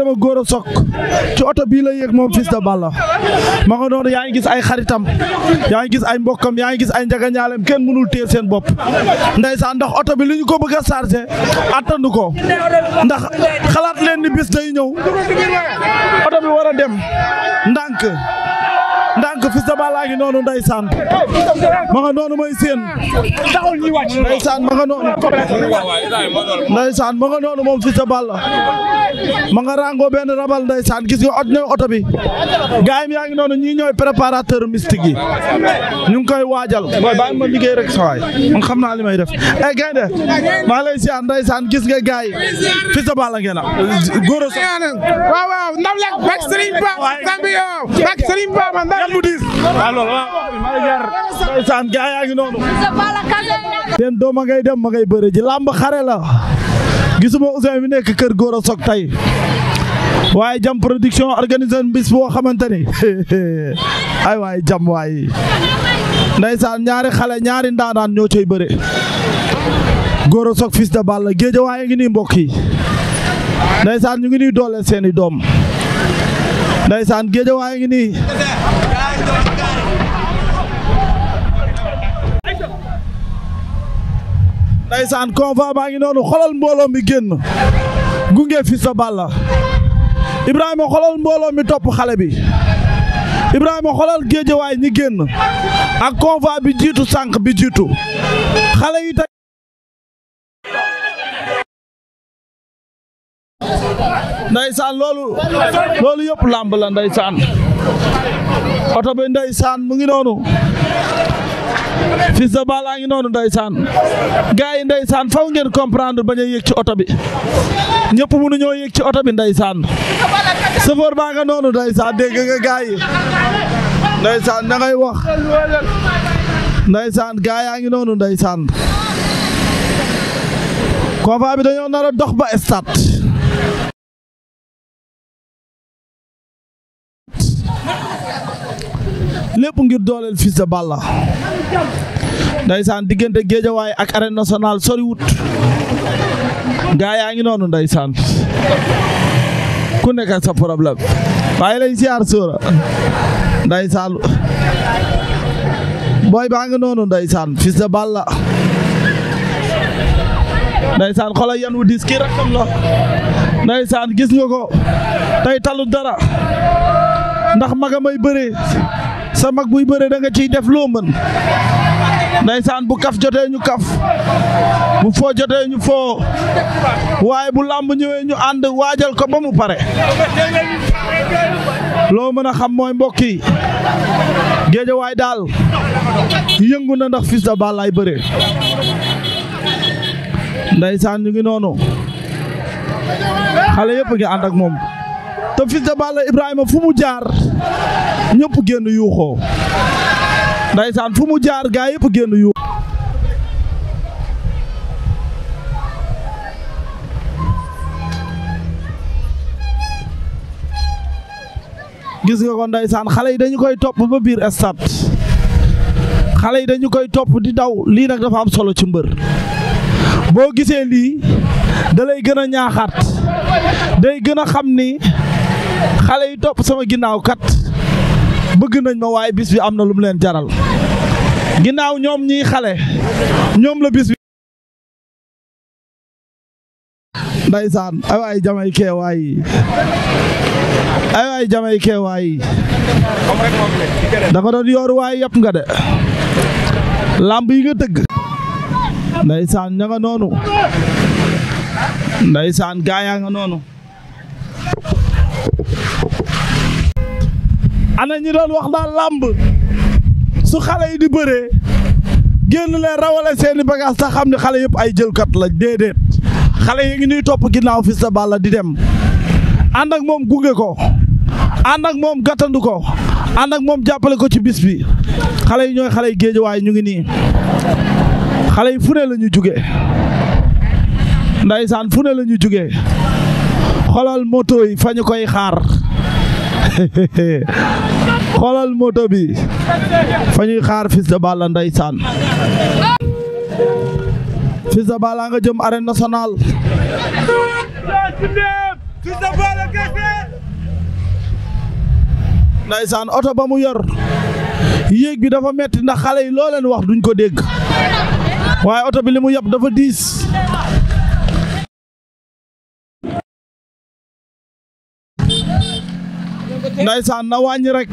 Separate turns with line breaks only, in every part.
dama góor a sok ci oto bii la yéeg moom Fils de Balla ma nga noonu yaa ngi gis ay xaritam yaa ngi gis ay mbokkam yaa ngi gis ay njagañaaleem kenn mënul téer seen bopp saa ndax oto bi li ñu ko bëgg a chargé attanu ko ndax xalaat leen ni bis day ñëw oto bi war a dem ndànk Fils de Balla ngi noonu ndeysaan ma nga noonu mooy seen ndeysaan ma nga noonu ndeysaan ma nga noonu moom Fils de Balla ma nga rango benn rabal ndeysaan gis nga ot ñooy oto bi gaayam yaa ngi noonu ñii ñooy préparateur mystique yi ñu ngi koy waajal mooy ma liggéey rek sawaay man xam naa li may def eh gaynde maa lay siyaar ndeysaan gis nga gaay Fils de Balla ngeen am waaw loolu waaw noonu seen doom a ngay dem ma ngay bëre ji làmb xare la gis gisuma Ousseyn bi nekk kër góor a soog tey waaye jam production organisé bis boo xamante ni ay waaye jam waaye ndeysaan ñaari xale ñaari ndaanaan ñoo cay bëre góor a soog fils de Balla géej waaye ngi nii mbokk yi ndeysaan ñu ngi nii doole seeni doom ndeysaan géejawaay ngi nii ndeysaan convoi baa ngi noonu xolal mbooloo mi génn gunge Fils de Balla Ibrahima xolal mbooloo mi topp xale bi Ibrahima xolal géejawaay ñi génn ak convoi bi jiitu sànq bi jiitu xale yi ndeysaan loolu loolu yëpp làmb la ndeysaan oto bi ndeysaan mu ngi noonu Fils de Balla ngi noonu saan gars yi ndeysaan faw ngeen comprendre bañ a yëg ci oto bi ñëpp mënu ñoo yëg ci oto bi ndeysaan chauffeur baa nga noonu ndeysaan dégg nga gars yi ndeysaan da ngay wax ndeysaan gars yaa ngi noonu ndeysaan combat bi dañoo nar a dox ba stade lépp ngir dooleel Fils de Balla ndaysaan diggante géejawaay ak arène nationale wut gaa yaa ngi noonu ndaysaan ku nekk ak sa problème waaye lañ siyaar sóora ndaysaan booy baa ngi noonu ndaysaan Fils de Balla ndaysaan xoolal yan wu diis kii rakkam ndaysaan gis nga ko tey talu dara ndax magamay bëree sa mag buy bëre da nga ciy def loo mën ndaysaan bu kaf jotee ñu kaf bu foo jotee ñu foo waaye bu làmb ñëwee ñu ànd waajal ko ba mu pare loo mën a xam mooy mbokk yi géejawaay daal yëngu na ndax Fils de Balla ay bëre ñu ngi noonu xale yëpp ngi ànd ak moom te Fils de Ibrahima fu mu jaar ñëpp génn yuuxoo ndaysaan fu mu jaar gaa yëpp génn yuuxoo gis nga ko ndaysaan xale yi dañu koy topp ba biir stade xale yi dañu koy topp di daw lii nag dafa am solo ci mbër boo gisee lii da lay gën a ñaaxaat day gën a xam ni xale yi topp sama ginnaaw kat bëgg nañ ma waaye bis bi am na lum leen jaral ginnaaw ñoom ñiy xale ñoom la bis bi ndaysaan ay waay jamay keewaay ay waay jamay keewaay da ko doon yoor waay yëpp nga de làmb yi nga tëgg ndaysaan ña nga noonu ndaysaan gaayaa nga noonu ana ñi doon wax daal làmb su xale yi di bëree génn leen rawale seeni bagage sax xam ne xale yëpp ay jëlkat la déedéet xale yi ngi nuy topp ginnaaw Fils de di dem ànd moom gunge ko ànd ak moom gàttandu ko ànd moom jàppale ko ci bis bi xale yi ñooy xale yi géej waaye ñu ngi nii xale yi fune ne la ñu jóge ndaysaan fu ne la ñu jóge xoolal moto yi fa ñu koy xaar xoolal moto bi fa ñuy xaar Fils de Balla nga jëm arène nationale ndeysaan oto ba mu yor yéeg bi dafa metti ndax xale yi loo wax duñ ko dégg waaye oto bi li mu yab dafa diis Ndaysaan na wàññi rek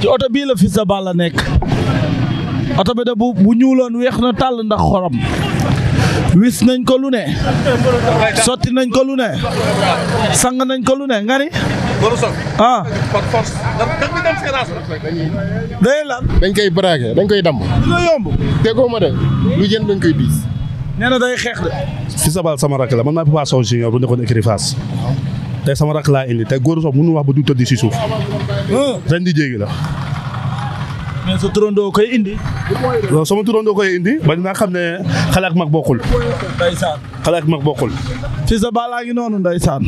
ci oto bii la Fils de la nekk oto be de bu bu ñuuloon weex na tàll ndax xorom wis nañ ko lu ne sotti nañ ko lu ne sang nañ ko lu ne nga ni ah day lan dañ koy braqué dañ koy damm dina yomb tegoo ma de lu jën dañ koy diis nee na day xeex de Fils de sama rakk la man maay Papa si junior bu nekkoon écurie Fass te sama rakk laa indi tey góor soog mënu wax bu du tëdd si suuf ren di la. mais sa turandoo koy indi. sama turandoo koy indi. ba dinaa xam ne xale mag bokkul. ndeysaan xale ak mag bokkul. fii sa baalaa ngi noonu ndeysaan.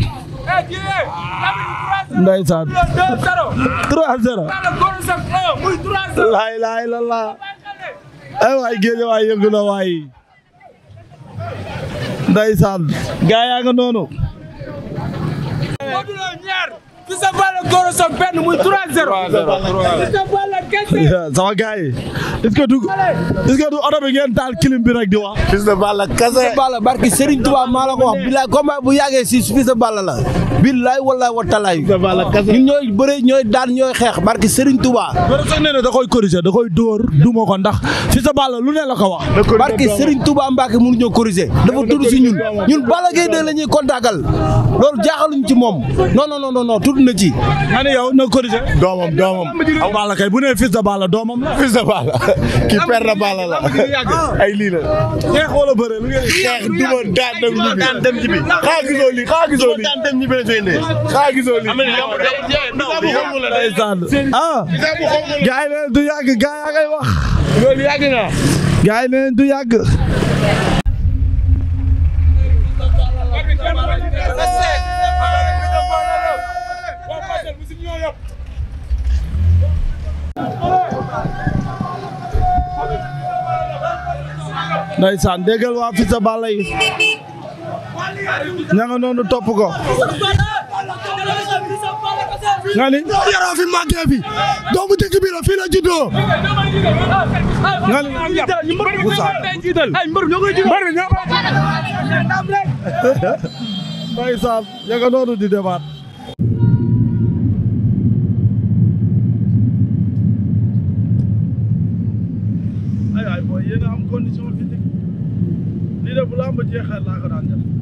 ndeysaan. 3-0. laay laay la la. géej waay yëngu na waay. ndeysaan. gaa yaa noonu. Fils de Balla Gora Sock benn muy 3-0. 3-0 Fils de Balla kese. sama gars yi du est-ce que du oto bi ngeen taal clim bi rek di wax. Fils de Balla kese. Fils ko wax bu yàggee si Fils de Balla la. bilaay wallaay wa talaay. Fils de Balla kese ñun ñooy bëre ñooy daan ñooy xeex barki Serigne Touba. loolu sax nee da koy da koy dóor duma ko ndax Fils de Balla lu ne la ka wax. barki Serigne Touba Mbacke mënuñoo corriger. dafa tudd si ñun ñun Balla Gaye de la ñuy kontaakal loolu jaaxaluñ ci moom non non non non na ci. nga ne yow na corrigé. doomam doomam. aw Balla kay bu nee fils de Balla doomam la. fils de Balla kii de Balla la ay lii la. xeex wala bëre lu ngeen xeex duma daan dem ñibbi daan dem ñibbi. xaa gisoo lii xaa gisoo lii daan dem ah. du yàgg gars yaa ngay wax. na. ndeysaan déggal waa Fils de Balla yi ña nga noonu topp ko nga ni yaroo fi màggee fi doomu dëkk bi la fii la juddoo nga ni ndeysaan ña nga noonu di demaat jeexal laa ko daan def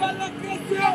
Democracia!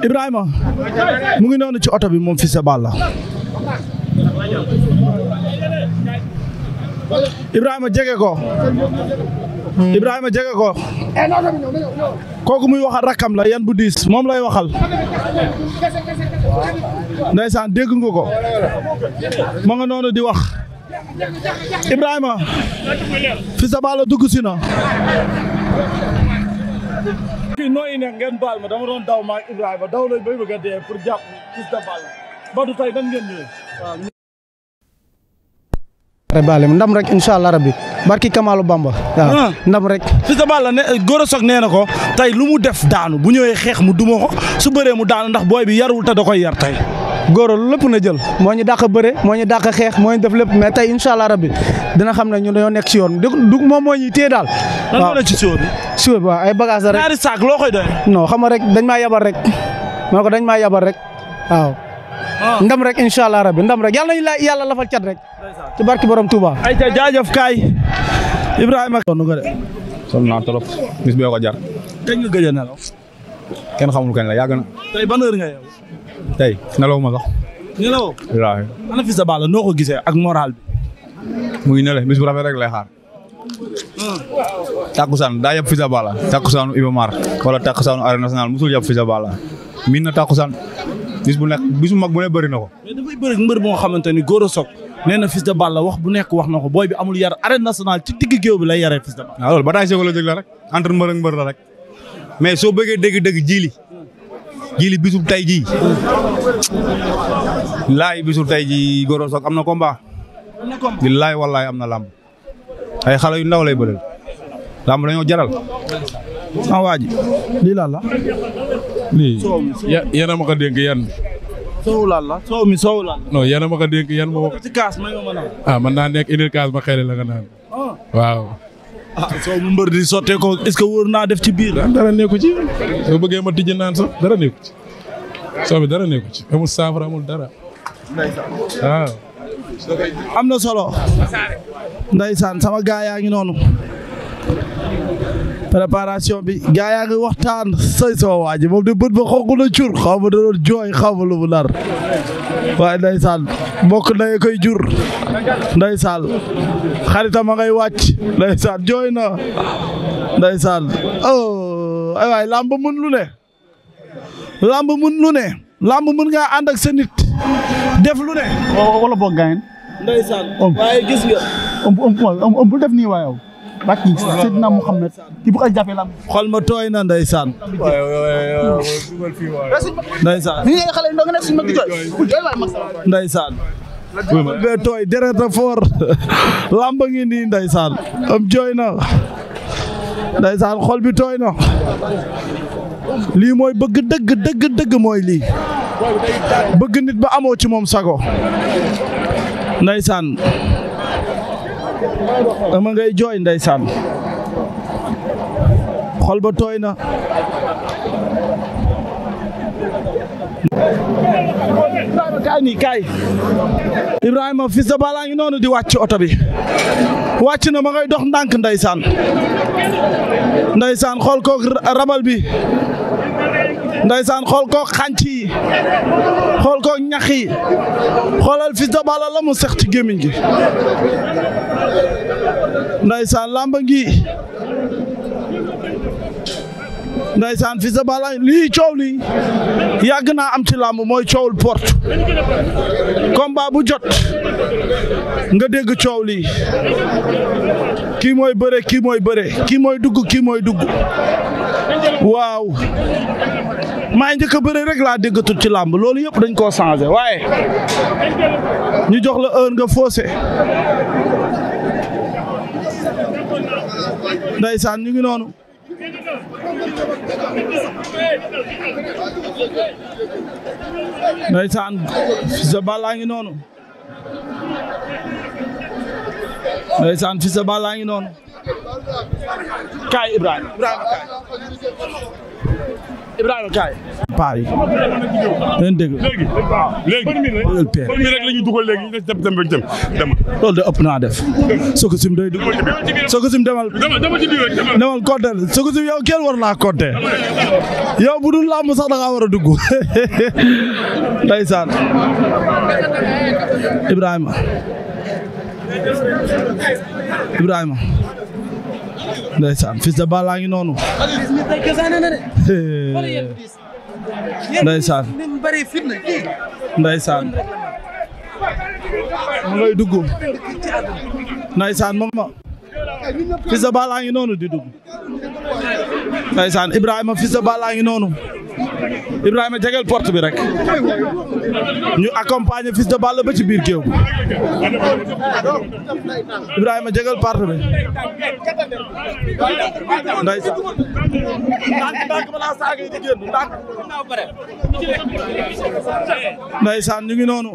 Ibrahima mu ngi noonu ci oto bi moom Fils de Balla Ibrahima jege ko Ibrahima jege ko Eh, kooku muy waxal rakkam la yan bu diis moom lay waxal. ndeysaan dégg nga ko ma nga noonu di wax. Ibrahima Fils de Balla dugg si na. ngeen baal ma dama doon daw ma Ibrahima ba bëgg a dee ndam rek incha allah rabbi barki Kamalu Bamba waaw ah. rek Fils de Balla ne Gora nee na ko tey lu mu def daanu bu ñëwee xeex mu duma ko su mu daanu ndax booy bi yarul te da koy yar tey Gora lépp na jël moo ñu dàq bëre moo ñu dàq xeex mooy ñu def lépp mais tey incha allah rabbi dina xam ne ñu dañoo nekk si yoon du moom moo ñuy téye daal lan moo bi siwo ay bagage la rek ñaari saak loo xam nga rek dañ maa yabal rek moo dañ maa yabal rek waaw Ah. ndam rek incha allah rabbi ndam rek yàlla nañu la yàlla lafal cat rek. ci barki borom Touba. ay ca jaajëf Ibrahima. sonn nga de. sonn naa trop bis bi ko jar. a nelaw. kenn xamul kañ la yàgg na. nelaw ma nelaw. wallaahi. ana Fils de Balla noo ko gisee ak moral bi. mu ngi ne le bis bu rafet rek lay ah. daa yab Fils de Balla. Takkusaanu Iba Mar. wala Takkusaanu Arène musul yab Fils de miin na Takkusaan. bis bu nekk bis bu mag bu ne bëri na ko. mais dafay bëri mbër boo xamante ni góor Sock nee na Fils de Balla wax bu nekk wax na ko booy bi amul yar arène nationale ci digg géew bi lay yaree Fils de Balla. waaw loolu ba la dëgg la rek entre mbër ak mbër la rek mais soo bëggee dëgg-dëgg jiili jiili bisub tay jii laay bisub tay jii Gora Sock am na combat. am na wallaay am na làmb ay xale yu ndaw lay bëreel làmb dañoo jaral. sama ah, waa ji la. lii yéen a ma ko dénk soow laal la soow mi soow laal. non yéen a ma ko yan ma. ci ma naan. Ah, naa nekk indil kaas ma xëy la naan. Ah. waaw. Ah, soow mu mbër di sottee ko est-ce que wóor naa def ci biir. dara nekku ci soo bëggee ma tijji naan sax dara nekku ci soow bi dara nekku ci amul saafara amul dara. waaw. am na solo. Ndeysaan sama gaa yaa ngi noonu. préparation bi gaa yaa ngi waxtaan say sama waa ji moom de bët ba cur xaw ma da jooy xaw ma lu mu nar waaye ndeysaan mbokk ndey koy jur ndeysaan xaritama ngay wàcc ndeysaan jooy na ndeysaan oh ay waay làmb mën lu ne làmb mën lu ne làmb mën ngaa ànd ak sa nit def lu ne wala boog gaayen ndeysaan waaye gis def nii waaye barki Seydina Muhammad xol ma tooy na ndeysaan ndeysaan ni nga xale tooy deret foor lamba ngi nii ndeysaan am jooy na ndeysaan xol bi tooy na lii mooy bëgg dëgg dëgg dëgg mooy lii bëgg nit ba amoo ci moom sago ndeysaan ma ngay jooy nday saan xol ba tooy na kaay nii kaay Ibrahima fils de Balla ngi noonu di wàcc oto bi wàcc na ma ngay dox ndànk ndeysaan saan xool kook rabal bi ndaysaan xool ko xànc yi xool ko ñax yi xoolal Fils de Balla la mu sex ci gémmiñ gi ndaysaan lamba ngi ndaysaan Fils de lii coow lii yàgg naa am ci làmb mooy coowul porte combat bu jot nga dégg coow lii kii mooy bëre kii mooy bëre kii mooy dugg kii mooy dugg waaw maa njëkk bëre rek laa déggatul ci làmb loolu yëpp dañ koo changé waaye ñu jox la heure nga faussé ndaysaan ñu ngi noonu ndeysaan Fils de Balla ngi noonu ndeysaan Fils de Balla ngi noonu kaay Ibrahima Ibrahima kaay Ibrahima kaay. paa yi. dégg. léegi léegi rek la de ëpp naa def. soo ko sim day dugal. soo ko demal. demal. demal compter yow kenn war naa yow bu dul làmb sax da ngaa war a dugg. ndeysaan. ndeysaan Fils de Balla ngi noonu. ndeysaan. ndeysaan. mu ngay dugg. ndeysaan moom ma. Fils noonu di dugg. ndeysaan Ibrahima Fils de Balla ngi noonu. Ibrahima jegeel port bi rek ñu accompagner Fils de Balla ba ci biir géew bi Ibrahima jegeel porte bi ndaysa ndaysa ñu ngi noonu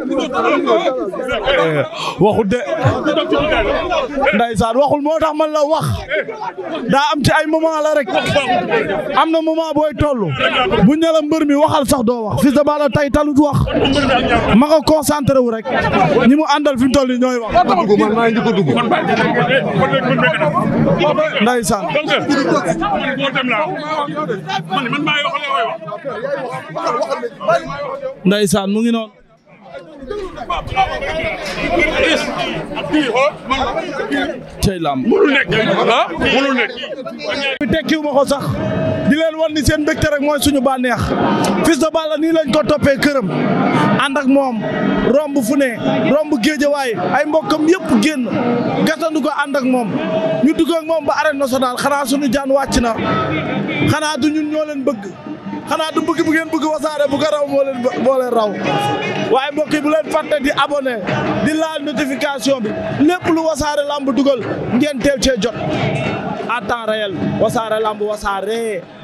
Eh, waxul de ndeysaan waxul moo tax man la wax daa am ci ay moment la rek am na moment booy toll bu ñu la mbër mi waxal sax doo wax Fils de Balla tay talut wax ma nga concentré wu rek ñi mu àndal fi mu toll nii ñooy wax. man maa ngi njëkk a dugg. ndeysaan. mu ngi noonu. tey lamb mënul nekk ah mënul nekk. tekkiwu ma ko sax di leen wan ni seen mbégte rek mooy suñu bànneex Fils de Balla nii lañ ko toppee këram ànd ak moom romb fu ne romb géejawaay ay mbokkam yëpp génn gasandu ko ànd moom ñu dugg ak moom ba arène nationale xanaa suñu jaan wàcc na xanaa du ñun ñoo leen bëgg. xanaa du bëgg bu ngeen bëgg wasaare bu raw moo leen moo leen raw waaye mbokk yi bu di abonné di laal notification bi lépp lu wasaare lamb dugal ngeen teel cee wasaare lamb wasaare